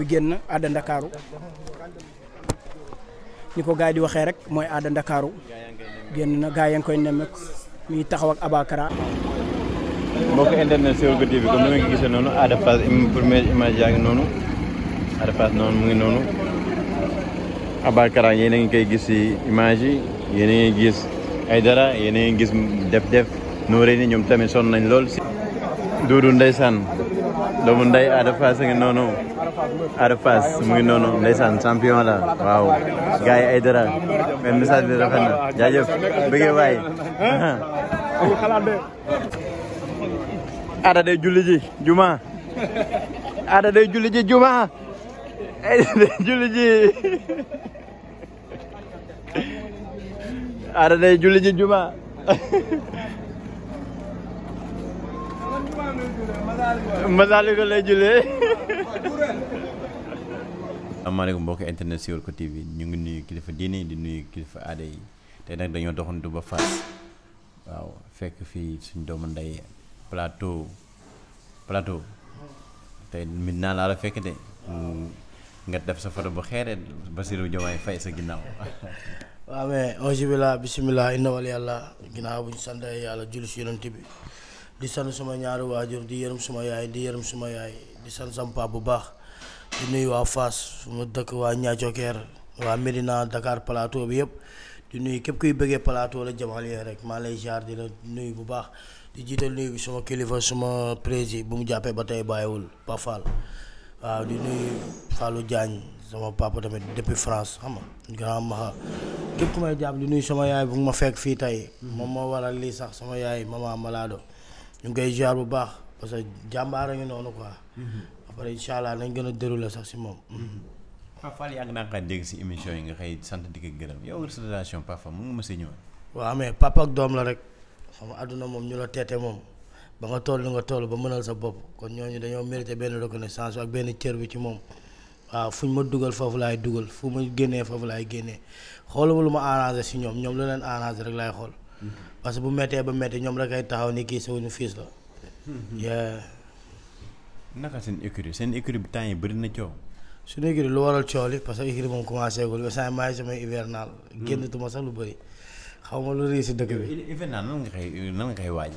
bi génn aada ndakaaru ni ko gars yi di waxee rek mooy aada ndakaaru génn na gars yi koy nemmeek muy taxaw ak Abakara. mbokk internet Siweulko TV comme ni ma ko gisee noonu aada Fass première image yaa ngi noonu aada Fass noonu mu ngi noonu Abakara yéen a ngi koy gis si image yi yéen ngi gis ay dara yéen a ngi gis def-def nooree ñoom tamit sonn nañ lool. Doudou ndeysaan doomu nday aada Fass a ngi noonu. Ada mu ngi noonu ndeysaan champion la waaw ay dara mais bi rafet na jaajëf bëggee waay Ada day julli ji juma Ada day Masaalikul lay julee. asalaamaaleykum mbokki internet Siweulko TV ñu ngi nuyu kilifa diine di nuyu kilifa aada yi te nag dañoo doxantu ba Fass waaw fekk fii suñ doomu ndey plateau plateau tey mit naa laa la fekk de hmm, nga def sa foto bu xeeree Basirou Diomaye Faye sa ginnaaw. waaw mais auzu billah bismillah inna wal yàlla ginnaaw bu ñu sant yàlla julli si yonent bi. di sant suma ñaari waajur di yërëm suma yaay di yërëm suma yaay di sant sama papa bu baax di nuyu waa fas suma ma dëkk waa Niathioker waa Médina Dakar Plateau bi yëpp di nuyu képp kuy bëggee Plateau la Jamaliya rek maa lay jaar di nuyu bu baax di jiital nuyu bi kilifa suma président bu mu jàppee ba tey bàyyiwul Pa Fall waaw sama papa tamit depuis France xam nga grand maxa képp ku may jàpp di nuyu sama yaay bu ma fekk fii tey moom moo waral lii sax sama yaay maman Malado. ñu ngi koy ziar bu baax ano mm-hmm. parce que jàmbaara ñu noonu quoi. après incha allah nañ gën a déroulé sax si moom. Mm-hmm. Mm-hmm. Pape Fall yàgg naa ko dégg si émission yi nga xëy sant di ko gërëm yow restauration relation Pape Fall mu ngi mos a ñëw. waaw mais papa ak doom la rek xam aduna àdduna moom ñu la teete moom ba nga toll nga toll ba mënal sa bopp kon ñooñu dañoo mérité benn reconnaissance ak benn cër bi ci moom. waaw fu ñu ma dugal foofu laay dugal fu ma génnee foofu laay génnee xooluma lu ma arrangé si ñoom ñoom lu leen arrangé rek laay xool. parce que bu méttee ba métti ñoom la koy taxaw ni kii suñu fils la. naka seen écurie seen écurie bi temps yi na coow. suñu écurie que écurie moom commencé gul ba hmm. lu bëri. xaw ma lu si dëkk bi. hivernal nan nga koy nan nga koy waaj.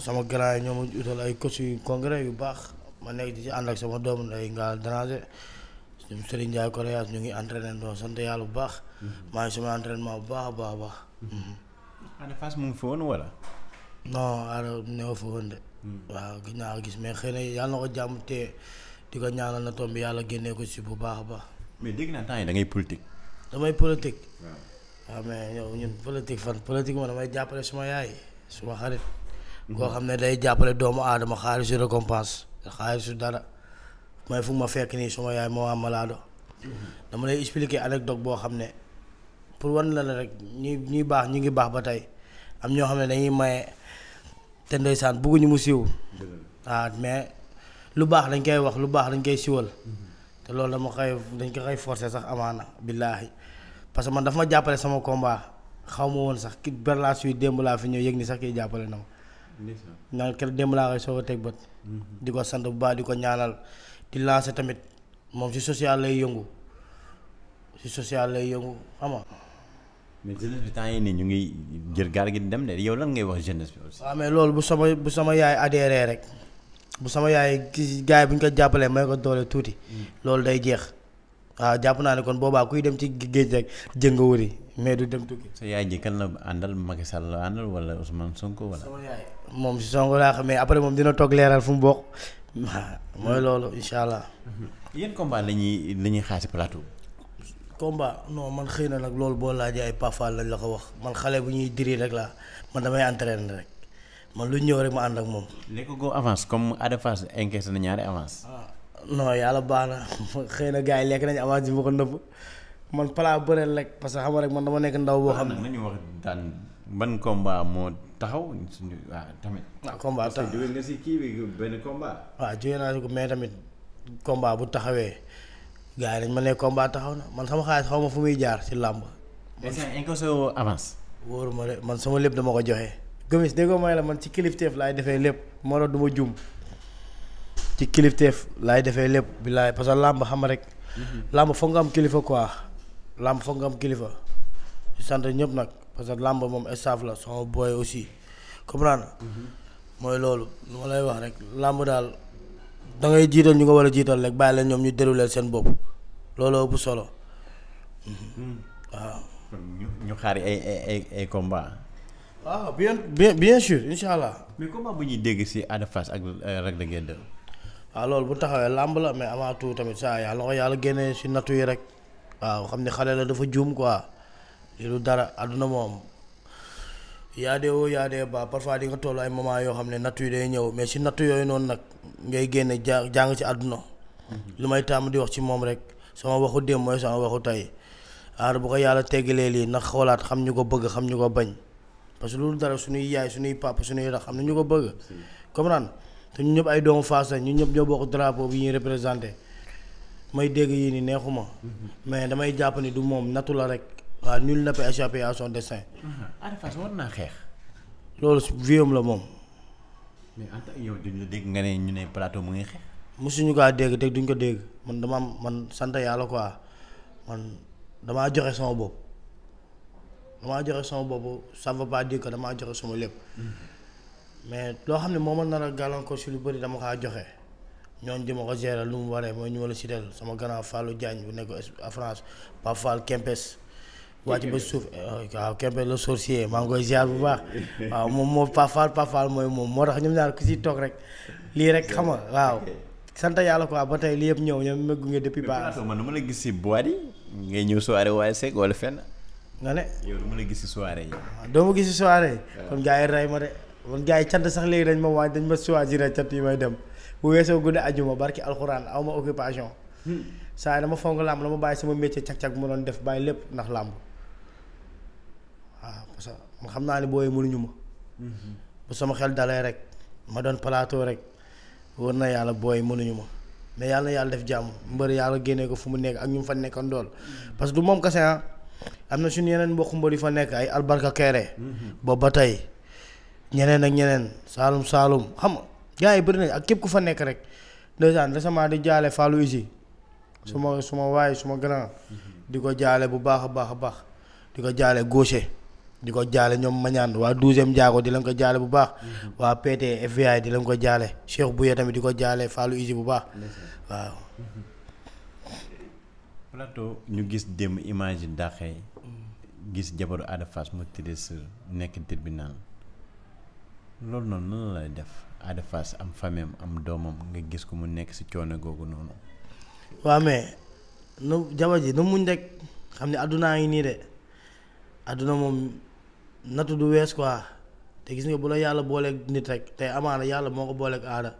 sama grand yi ñoom utal ay coach yu yu baax ma nekk di ci ànd ak sama doomu nday nga déranger. ñoom Serigne Ndiaye Koréas ñu ngi entraîné doon sant yàlla bu baax. Hmm. maa ngi bu baax a a baax. Mm-hmm. Ada Fass mu ngi fa woon wala. non Ada néew fa waaw gis naa gis mais xëy na yàlla na ko jàmm te di ko ñaanal na tomb yàlla génne ko si bu baax a baax. mais dégg naa temps yi da ngay politique. damay politique. waaw mais yow ñun politique fan politique ma damay jàppale suma yaay suma xarit. Mm-hmm. koo xam ne day jàppale doomu aadama xaalisu récompense xaalisu dara may fu ma fekk nii suma yaay moo am mm-hmm. dama lay expliquer anecdote boo xam ne. pour wan la la rek ñuy ñuy baax ñu ngi baax ba tey am ñoo xam ne dañuy maye te ndeysaan bëgguñu mu siiw. waaw ah, mais lu baax dañ koy wax lu baax dañ koy siwal te loolu dama koy dañ ko koy forcer sax amaana billaahi parce que man dafa ma jàppale sama combat xaw ma woon sax ki par la démb laa fi ñëw yëg ni sax kiy jàppale na ma. naan kër démb laa koy soog a teg bët. Mhm. di ko sant bu baax di ko ñaanal di lancer tamit moom si social lay yëngu si social lay yëngu ama mais jeunesse bi temps nii ñu ngi jël gaal gi dem de yow lan ngay wax jeunesse bi aussi. waaw mais loolu bu sama bu sama yaay adhéré rek bu sama yaay kii gars yi ko jàppalee may ko doole tuuti. Hmm. loolu day jeex. waaw jàpp naa ne kon boobaa kuy dem ci géej rek jënga wëri mais du dem tukki. sa yaay ji kan la àndal Macky Sall la àndal wala Ousmane Sonko wala. sama moom si Sonko laa xam mais après moom dina toog leeral fu mu bokk mooy loolu incha allah. Hmm. yan combat la ñuy la ñuy xaar si combat non man xëy na nag loolu boo laajee ay pafal lañ la ko wax man xale bu ñuy diri rek laa man damay entraîner rek man lu ñëw rek ma ànd ak moom. léegi ko avance comme Ada Fass encaissé na ñaari avance. Ah, non yàlla baax na xëy na gars yi lekk nañu avance bi ma ko nëbb man palaa bëreel rek parce que xam nga rek man dama nekk ndaw boo xam ne. nañu wax daan ban combat moo taxaw suñu waaw tamit. waaw ah, combat taxaw parce si kii bi ah, naa si mais tamit komba bu taxawee. gars yi dañ ma ne combat taxaw na man sama xaalis xaw ma fu muy jaar ci làmb. man ma de man sama lépp dama ko joxe. Gomis déggoo may la man ci kilifteef laay defee lépp moo tax du ma jum ci kilifteef laay defee lépp bilaay parce que làmb xam rek. Mhm. làmb foog nga am kilifa quoi. làmb foog nga am kilifa. di sant ñëpp nag parce que làmb moom staff la sama booy aussi comprendre mhm. mooy loolu lu ma lay wax rek làmb daal. da ngay jiital ñu nga war a jiital rek bàyyi leen ñoom ñu déroulé seen bopp looloo bu solo hmm. Hmm. Hmm. waaw. ñu ñu xaar ay ay ay combat waaw ah, bien bien bien sûr incha allah. mais combat bu ñuy dégg si Ada Fass ak Lac euh, de Guiers waaw ah, loolu bu taxawee làmb la mais avant tout tamit saa yàlla ko yàlla génnee ci nattu yi rek waaw xam ne xale la dafa juum quoi li lu dara àdduna moom. yaadee woo yaadee ba parfois di nga ay moment yoo xam ne nattu yi day ñëw mais si nattu yooyu noonu nag ngay génne jàng jàng ci àdduna. Mm-hmm. lu may tàmm di wax ci moom rek sama waxu démb mooy sama waxu tey aar bu ko yàlla teggalee lii ndax xoolaat xam ñu ko bëgg xam ñu ko bañ parce que loolu dara suñuy yaay suñuy papa suñuy rax xam na ñu ko bëgg. comprendre te ñu ñëpp ay doomu Fass la ñu ñëpp ñoo bokk drapeau bi ñuy représenté may dégg yi ni neexuma mm-hmm. mais damay jàpp ni du moom nattu la rek. waaw nul ne pay échapper à son destin. Ada Fass war naa xeex. loolu vieux la moom. mais tant yow duñu dégg nga ne ñu ne plateau mu ngi xeex. mosuñu kaa dégg dégg duñ ko dégg man dama man sant yàlla quoi man dama joxe sama bopp dama joxe sama bopp ça veut pas dire que dama joxe sama lépp. Mhm. mais loo xam ne moo ma nar a si lu bëri dama kaa joxe. ñoon di ma ko gérer lu mu waree mooy ñu ma la sama gannaaw Fallou Diagne bu nekk à France Pape Fall Kempes wati ba souf waaw Kébé le sorcier ma ngoy ziar bu baax waaw pa fal pa fal moy moom mo tax ñoom ñaar ku ci tok rek li rek xama nga waaw sant yàlla quoi ba tay li yeb ñew ñam meggu nge depuis baax man ma la gis si boîte yi ngay ah, ñëw soirée waaye seeg wala fenn nga ne yow du la gis si soirée yi doo ma gis si soirée kon gaay ray ma de kon gaay yi sax legi dañ ma waañ dañ ma choisir cant yi may dem bu weesoo guddi ajuma barki alxuraan awma occupation hmm. saa dama fonk lamb dama baye sama métier ciak ciak mu ma def baye lepp nak lamb waaw ah, parce que ma xam naa ne booy mënuñu ma. Mm-hmm. bu sama xel dalee rek ma doon palaatoo rek wër na yàlla booy mënuñu ma mais yàlla yàlla def jàmm mbër yàlla génnee ko fu mu nekk ak ñu mu fa nekkoon dool mm-hmm. parce que moom kese ah. am na suñu yeneen mbokku mbër yi fa nekk ay albarka keere. Mm-hmm. boobu ba tey ñeneen ak ñeneen saalum saalum xam nga bëri nañ ak képp ku fa nekk rek dèjà récemment di jaale Fallou Isi. su ma su ma waay su ma grand. di ko jaale bu baax a baax a baax di ko jaale gaucher. di ko jaale ñoom mañaan waa douzième jaago di lañ ko jaale bu baax waa PT FBI di lañ ko jaale Cheikh Bouye tamit di ko jaale Fallou Isi bu baax waaw plateau ñu gis démb image yi dàqee gis jabaru Ada Fass mu tëddee sa nekk tribunal loolu noonu nan lay def Ada am famem am doomam nga gis ko mu nekk ci coono googu noonu waaw mais nu jabar ji nu muñ rek xam ne àddunaa ngi nii de àdduna moom nattu du wees quoi te gis nga bu la yàlla booleeg nit rek tey amaana yàlla moo ko booleeg aada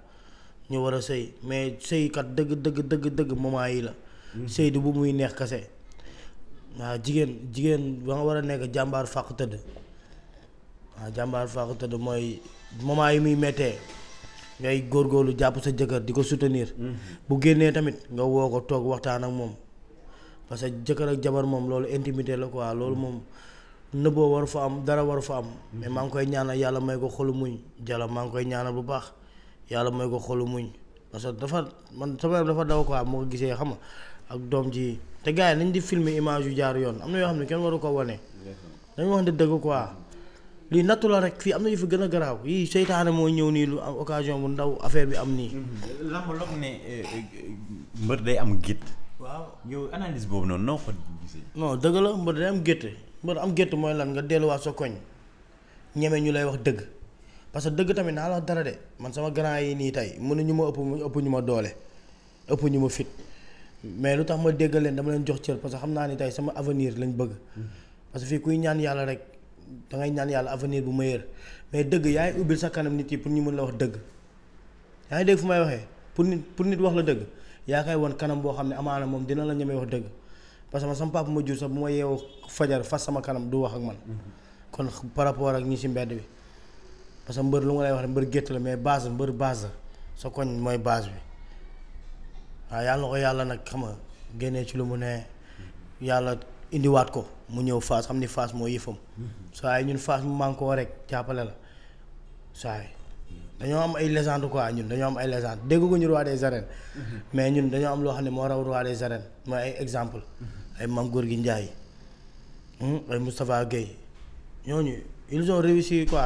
ñu war a sëy mais sëykat dëgg dëgg dëgg dëgg moment yi la. Mm-hmm. sëy du bu muy neex kase. waa jigéen jigéen ba war a nekk jàmbaar fàq tëdd waaw jàmbaar fàq tëdd mooy moment yi muy méttee ngay góorlu jàpp sa jëkkër di ko soutenir. Mm-hmm. bu génnee tamit nga woo ko toog waxtaan ak moom parce que jëkkër ak jabar moom loolu intimité la quoi loolu moom. nëbboo waru fa am dara waru fa am. mais maa ngi koy ñaana yàlla may ko xolu muñ jala maa ngi koy ñaana bu baax yàlla may ko xolu muñ parce que dafa man sama dafa daw quoi moo ko gisee xam nga ak doom ji te gars yi nañ di filmer image yu jaar yoon am na yoo xam ne kenn waru ko wane. dañu wax ne dëgg quoi lii nattu rek fii am na yu fi gën a garaaw yii seytaane moo ñëw nii lu am occasion bu ndaw affaire bi am nii. Mm-hmm. lamb loog ne eh, eh, mbër day am gétt. waaw yow analyse boobu noonu noo ko gisee. non dëgg la mbër day am gétte. mbër am gétt mooy lan nga delluwaat sa koñ ñeme ñu lay wax dëgg parce que dëgg tamit naa la dara de man sama grand yi nii tey ñu ma ëpp ëpp ñu ma doole ëpp ñu ma fit mais lu tax ma dégg leen dama leen jox cër parce que xam naa ni tey sama avenir lañ bëgg parce que fii kuy ñaan yàlla rek dangay ñaan yàlla avenir bu ma meilleur mais dëgg yaay ubbil sa kanam nit yi pour ñu mën la wax dëgg yaa ngi dégg fu may waxee pour nit pour nit wax la dëgg yaa koy won kanam boo xam ne amaana moom dina la ñemee wax dëgg parce que man sama papa ma jur sax bu ma yeewu fajar fas sama kanam du wax ak man. kon par rapport ak ñi si mbedd bi parce que mbër lu ma lay wax ne mbër gétt la mais base mbër base la sa koñ mooy base bi waaw yàlla ko yàlla nag xam nga génnee ci lu mu ne yàlla indiwaat ko mu ñëw Fass xam ni Fass moo yëfam. Mm-hmm. saa yi ñun Fass mu man koo rek jàppale la saa yi dañoo am ay légende quoi ñun dañoo am ay légende dégguñu roi des arènes mhm. mais ñun dañoo am loo xam ne moo raw roi des arènes mooy ay exemple mhm. ay Mame gi Ndiaye hmm? ay Moustapha Guèye ñooñu ils soo réussi ko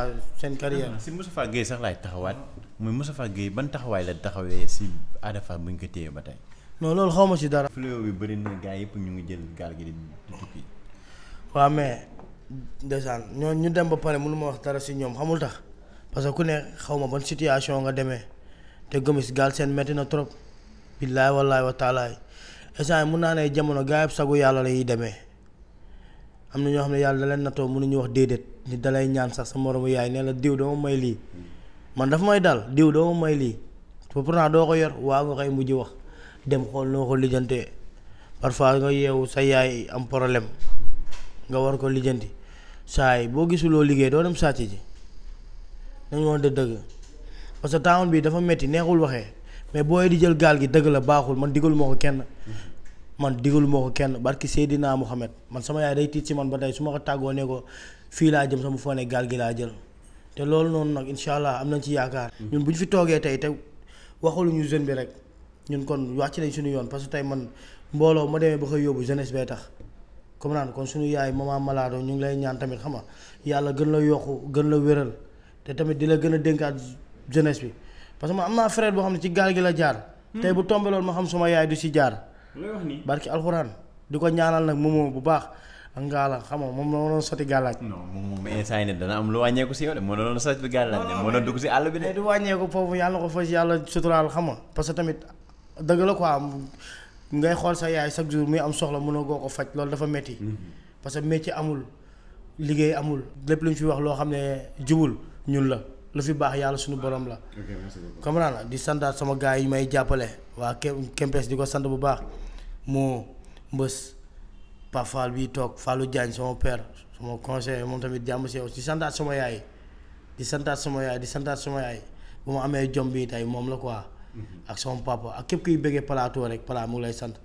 seen carrière ah, si Moustapha Guèye sax laay taxawaat muy Moustapha Guèye ban taxawaay la taxawee si Ada Fass bu ñu ko téye ba tey non loolu xaw ma si dara fléau bi bëri na gaa yëpp ñu ngi jël gaal gi di tukki waaw mais ndeysaan ñoo ñu dem ba pare mënu ma wax dara si ñoom xamul tax parce que ku ne xawma ma ban situation nga demee te gomis gaal seen metti na trop billaay wallaay wa taalaay instant mun naa ne jamono gaa yëpp sagu yàlla la lay demee am na ñoo xam ne yàlla da leen na mënuñu wax déedéet ni dalay ñaan sax sa moromu yaay nee la diw dama may lii man dafa may dal diw dama may lii pourtant doo ko yor waa nga koy mujj wax dem xool noo ko lijjantee parfois nga yeewu sa yaay am problème nga war ko lijjanti saa boo gisuloo liggéey doo dem sàcc ji nañu woon de dëgg parce que town bi dafa metti neexul waxee mais booy di jël gaal gi dëgg la baaxul man digalu ma ko kenn man digalu ma ko kenn barki Seydina Mohamed man sama yaay day tiit si man ba tey su ma ko tàggoo ne ko fii laa jëm sama foone gaal gi laa jël te loolu noonu nag incha allah am nañ ci yaakaar ñun bu ñu fi toogee tey te waxulu ñu jeune bi rek ñun kon wàcc nañ suñu yoon parce que tey man mbooloo ma demee ba koy yóbbu jeunesse bee tax comme naan kon suñu yaay maman malaado ñu ngi lay ñaan tamit xam nga yàlla gën la yokku gën la wéral te tamit di la gën a dénkaat jeunesse bi parce que man am naa frère boo xam ne ci gaal gi la jaar. Hmm. tey bu tombé loolu ma xam suma yaay du si jaar. looy wax nii barki alxuraan di ko ñaanal nag moomoo bu baax. ak ngaala xam nga moom moo doon sotti gàllaaj. non moom moom instant yii dana am lu wàññeeku si yow de moo doon sotti gàllaaj dugg si àll bi de. du wàññeeku foofu yàlla ko fas yàlla suturaal xam parce que tamit dëgg la quoi ngay xool sa yaay chaque jour muy am soxla mënoo goo ko faj loolu dafa metti hmm. parce que métier amul liggéey amul lépp lu ñun la lu fi baax yàlla suñu borom la. ok la di santaat sama gars yi may jàppale waa Kempes di ko sant bu baax mu mbës Pa Fall bi toog Fallou Diagne sama père sama conseiller moom tamit jàmm si yow di santaat sama yaay di santaat sama yaay di santaat sama yaay bu ma amee jom bi tey moom la quoi. Mhm. ak sama papa ak képp kuy bëggee plateau rek Pala mu lay sant.